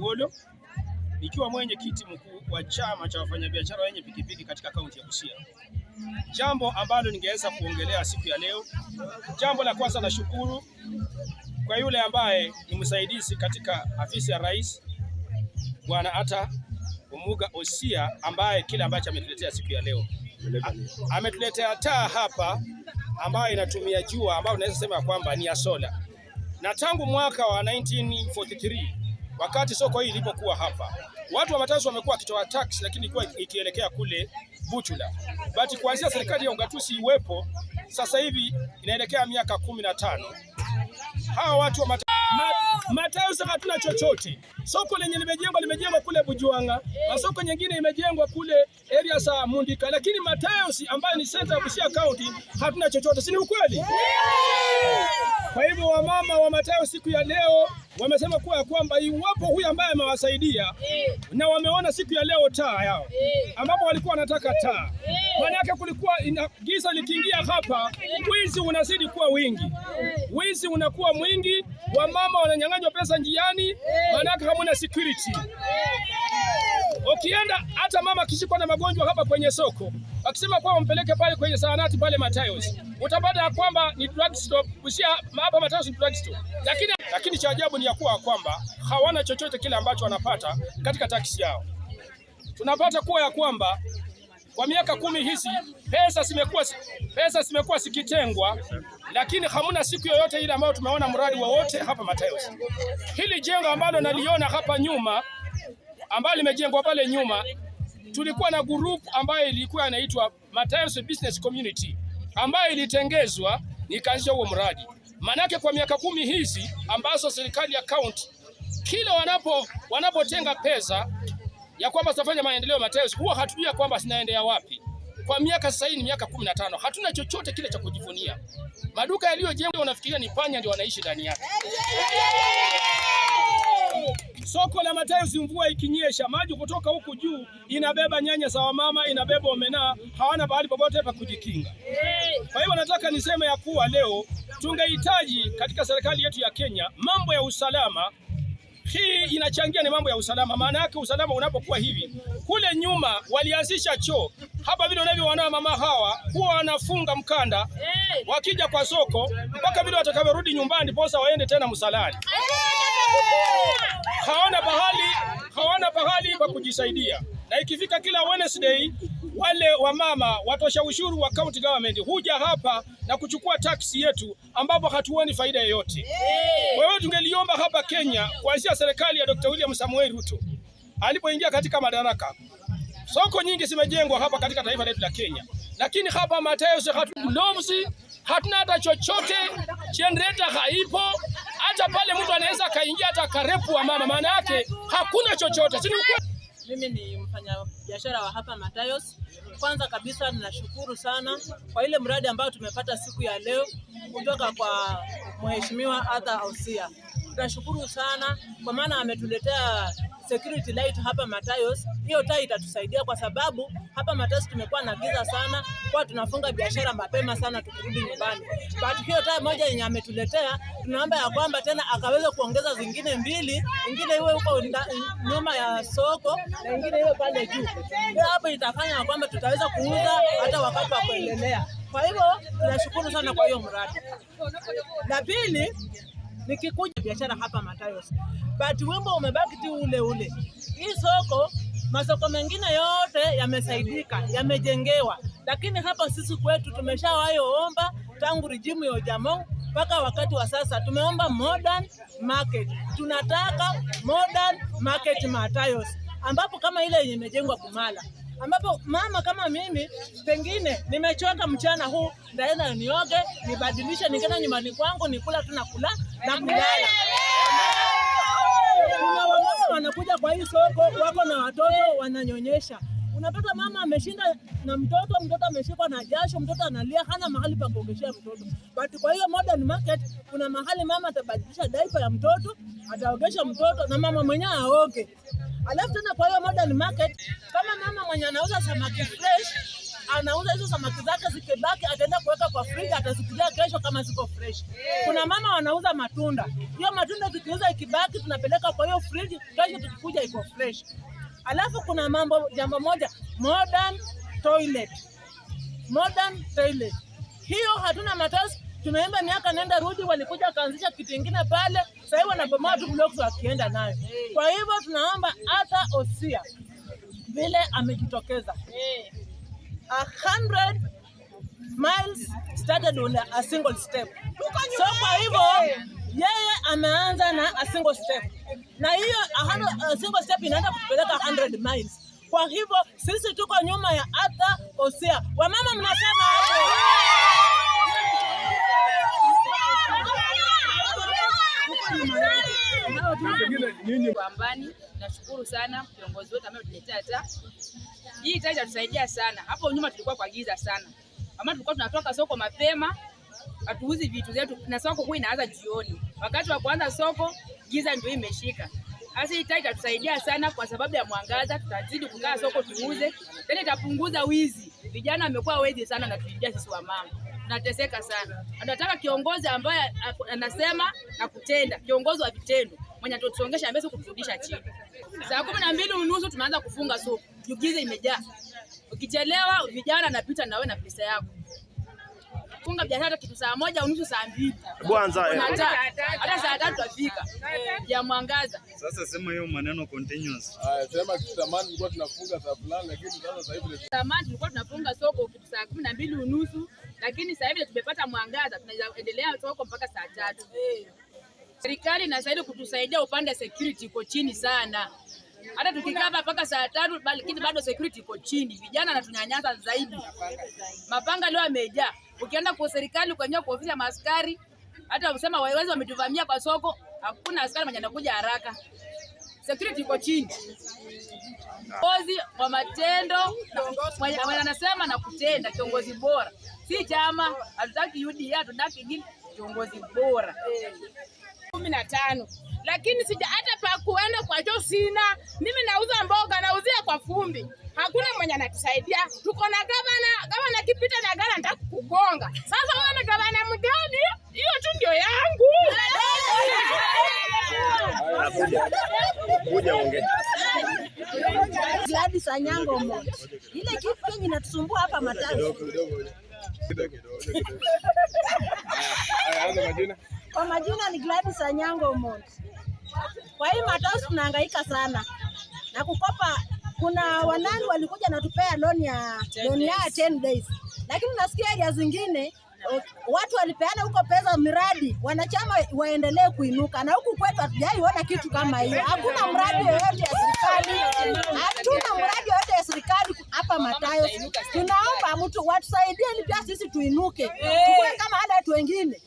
Mgolo nikiwa mwenyekiti mkuu wa chama cha wafanyabiashara wenye pikipiki katika kaunti ya Busia. Jambo ambalo ningeweza kuongelea siku ya leo, jambo la kwanza, nashukuru kwa yule ambaye ni msaidizi katika afisi ya rais, bwana Ata Umuga Osia, ambaye kile ambacho ametuletea siku ya leo, ametuletea taa hapa ambayo inatumia jua, ambayo tunaweza sema kwamba ni ya sola, na tangu mwaka wa 1943 wakati soko hili lilipokuwa hapa, watu wa Matasa wamekuwa wakitoa tax, lakini ilikuwa ikielekea kule Butula, but kuanzia serikali ya ugatusi iwepo sasa hivi inaelekea miaka kumi na tano hawa watu wa Matasa Matayo sasa hatuna chochote. Soko lenye limejengwa limejengwa kule Bujuanga na soko nyingine imejengwa kule area za Mundika, lakini Matayo si ambayo ni center ya Busia County hatuna chochote, si ni ukweli? Kwa hivyo wamama wa Matayo siku ya leo wamesema kuwa ya kwamba iwapo huyu ambaye amewasaidia na wameona siku ya leo taa yao ambapo walikuwa wanataka taa Maanake kulikuwa ina, giza likiingia hapa, wizi unazidi kuwa wingi, wizi unakuwa mwingi, wamama wananyang'anywa pesa njiani, maanake hamuna security. Ukienda hata mama akishikwa na magonjwa hapa kwenye soko, akisema kwa mpeleke pale kwenye saanati pale Matayos, utapata ya kwamba ni drug stop, usia hapa Matayos ni drug stop. Lakini, lakini cha ajabu ni ya kuwa kwamba hawana chochote kile ambacho wanapata katika taksi yao. Tunapata kuwa ya kwamba kwa miaka kumi hizi pesa zimekuwa pesa zimekuwa zikitengwa, lakini hamuna siku yoyote ile ambayo tumeona mradi wowote hapa Matayos. Hili jengo ambalo naliona hapa nyuma ambalo limejengwa pale nyuma, tulikuwa na group ambayo ilikuwa inaitwa Matayos Business Community ambayo ilitengezwa nikaanzisha huo mradi. Manake kwa miaka kumi hizi ambazo serikali ya kaunti kila wanapo wanapotenga pesa ya kwamba tutafanya maendeleo Matayos, huwa hatujui ya kwamba sinaendea wapi. Kwa miaka sasa hii ni miaka 15, hatuna chochote kile cha kujivunia. Maduka yaliyojengwa unafikiria ni panya ndio wanaishi ndani yake. Soko la Matayos, mvua ikinyesha, maji kutoka huku juu inabeba nyanya za wamama, inabeba omena, hawana pahali popote pa kujikinga. Kwa hiyo nataka niseme ya kuwa leo tungehitaji katika serikali yetu ya Kenya mambo ya usalama hii inachangia ni mambo ya usalama. Maana yake usalama unapokuwa hivi, kule nyuma walianzisha choo hapa, vile wanavyo wanao mama hawa huwa wanafunga mkanda wakija kwa soko mpaka vile watakavyorudi nyumbani, posa waende tena msalani. Hawana pahali, hawana pahali pa kujisaidia na ikifika kila Wednesday wale wamama watosha ushuru wa county government huja hapa na kuchukua taksi yetu, ambapo hatuoni faida yoyote. Kwa hiyo tungeliomba hapa Kenya, kuanzia serikali ya Dr. William Samuel Ruto alipoingia katika madaraka, soko nyingi zimejengwa hapa katika taifa letu la Kenya, lakini hapa Mateus hatulovsi, hatuna hata chochote, generator haipo hata pale mtu anaweza akaingia hata karepu wa mama, maana yake hakuna chochote. Mimi ni wafanyabiashara wa hapa Matayos. Kwanza kabisa ninashukuru sana kwa ile mradi ambao tumepata siku ya leo kutoka kwa Mheshimiwa Arthur Ausia. Tunashukuru sana kwa maana ametuletea security light hapa Matayos. Hiyo taa itatusaidia kwa sababu hapa Matayos tumekuwa na giza sana, kwa tunafunga biashara mapema sana tukirudi nyumbani. But hiyo taa moja yenye ametuletea, tunaomba ya kwamba tena akaweza kuongeza zingine mbili, ingine iwe huko nyuma ya soko na ingine iwe pale juu. Hiyo hapo itafanya kwamba tutaweza kuuza hata wakati wa kuendelea. Kwa hivyo tunashukuru sana kwa hiyo mradi. La pili nikikuja biashara hapa Matayos, but wimbo umebaki tu ule ule. Hii soko masoko mengine yote yamesaidika, yamejengewa, lakini hapa sisi kwetu tumeshawayoomba tangu rijimu ya Ojamo mpaka wakati wa sasa tumeomba modern market. Tunataka modern market Matayos, ambapo kama ile yenye imejengwa Kumala ambapo mama kama mimi pengine nimechoka mchana huu, ndaenda nioge, nibadilishe, nikaenda nyumbani kwangu nikula tu na na kulala. Kuna wamama wanakuja kwa hii soko, wako na watoto wananyonyesha unapata mama ameshinda na mtoto, mtoto ameshikwa na jasho, mtoto analia, hana mahali pa kuogeshea mtoto. But kwa hiyo modern market kuna mahali mama atabadilisha daipa ya mtoto ataogesha mtoto na mama mwenyewe aoge. Alafu tena kwa hiyo modern market, kama mama mwenye anauza samaki fresh anauza hizo samaki zake zikibaki, ataenda kuweka kwa friji, atazikulia kesho kama ziko fresh. Kuna mama wanauza matunda, hiyo matunda zikiuza ikibaki, tunapeleka kwa hiyo friji, kesho tukikuja iko fresh. Alafu kuna mambo, jambo moja, modern toilet, modern toilet, hiyo hatuna matasi tunaimba miaka nenda rudi, walikuja wakaanzisha kitu kingine pale, sasa hivi wanabomoa tu blocks wakienda nayo. Kwa hivyo tunaomba hata Osia vile amejitokeza a hundred miles started on a single step. So kwa hivyo yeye ameanza na a single step, na hiyo a single step inaenda kupeleka 100 miles. Kwa hivyo sisi tuko nyuma ya Arthur Osia. Wamama mnasema hapo nyinyi Pambani. Nashukuru sana viongozi wote ambao tumetetea hata hii taa itatusaidia sana. Hapo nyuma tulikuwa kwa giza sana, kama tulikuwa tunatoka soko mapema hatuuzi vitu zetu, na soko kuu inaanza jioni. Wakati wa kuanza soko giza ndio imeshika. Sasa hii taa itatusaidia sana kwa sababu ya mwangaza, tutazidi kukaa soko tuuze, tena itapunguza wizi. Vijana wamekuwa wezi sana na tulijia sisi wa mama tunateseka sana. Anataka kiongozi ambaye anasema na kutenda, kiongozi wa vitendo mwenye atuongesha ambaye kuturudisha chini. Saa kumi na mbili unusu tunaanza kufunga soko, giza imejaa. Ukichelewa vijana anapita wewe na pesa yako. Funga biashara kitu saa moja unusu, saa mbili bwanza, hata saa tatu tutafika ya mwangaza. Sasa sema hiyo maneno continuous. Ah, sema kitu zamani tulikuwa tunafunga saa fulani, lakini sasa sasa hivi zamani tulikuwa tunafunga soko kitu saa kumi na mbili unusu, lakini sasa hivi tumepata mwangaza, tunaendelea soko mpaka saa tatu. Serikali inastahili kutusaidia upande security iko chini sana. Hata tukikaa mpaka saa tatu, lakini bado security iko chini. Vijana wanatunyanyasa zaidi, mapanga leo yamejaa. Ukienda kwa serikali kwenyewe kwa ofisi ya maaskari, hata wasema waiwezi wametuvamia kwa soko, hakuna askari mwenye anakuja haraka. Security iko chini. Kiongozi wa matendo mwenye anasema na kutenda, kiongozi bora, si chama. Hatutaki UDA, hatutaki kiongozi bora kumi na tano lakini sija hata pa kuenda kwa choo sina. Mimi nauza mboga, nauzia kwa fumbi, hakuna mwenye anatusaidia. Tuko na gavana, gavana kipita na gala nitakugonga. Sasa wewe na gavana mgani? Hiyo tu ndio yangu. Gladys Anyango Ile kitu kenye hapa matatu. Kidogo kidogo. Haya, majina. Kwa majina ni Gladys Anyango Mont. Kwa hii matausi tunahangaika sana na kukopa. Kuna wanani walikuja na tupea loan ya loan ya 10 days, lakini nasikia area zingine watu walipeana huko pesa miradi wanachama waendelee kuinuka, na huku kwetu hatujaiona kitu kama hiyo. Hakuna mradi yoyote ya serikali, hatuna mradi yoyote ya serikali hapa Matayo. Tunaomba mtu watusaidie, ni pia sisi tuinuke, tuwe kama hata watu wengine.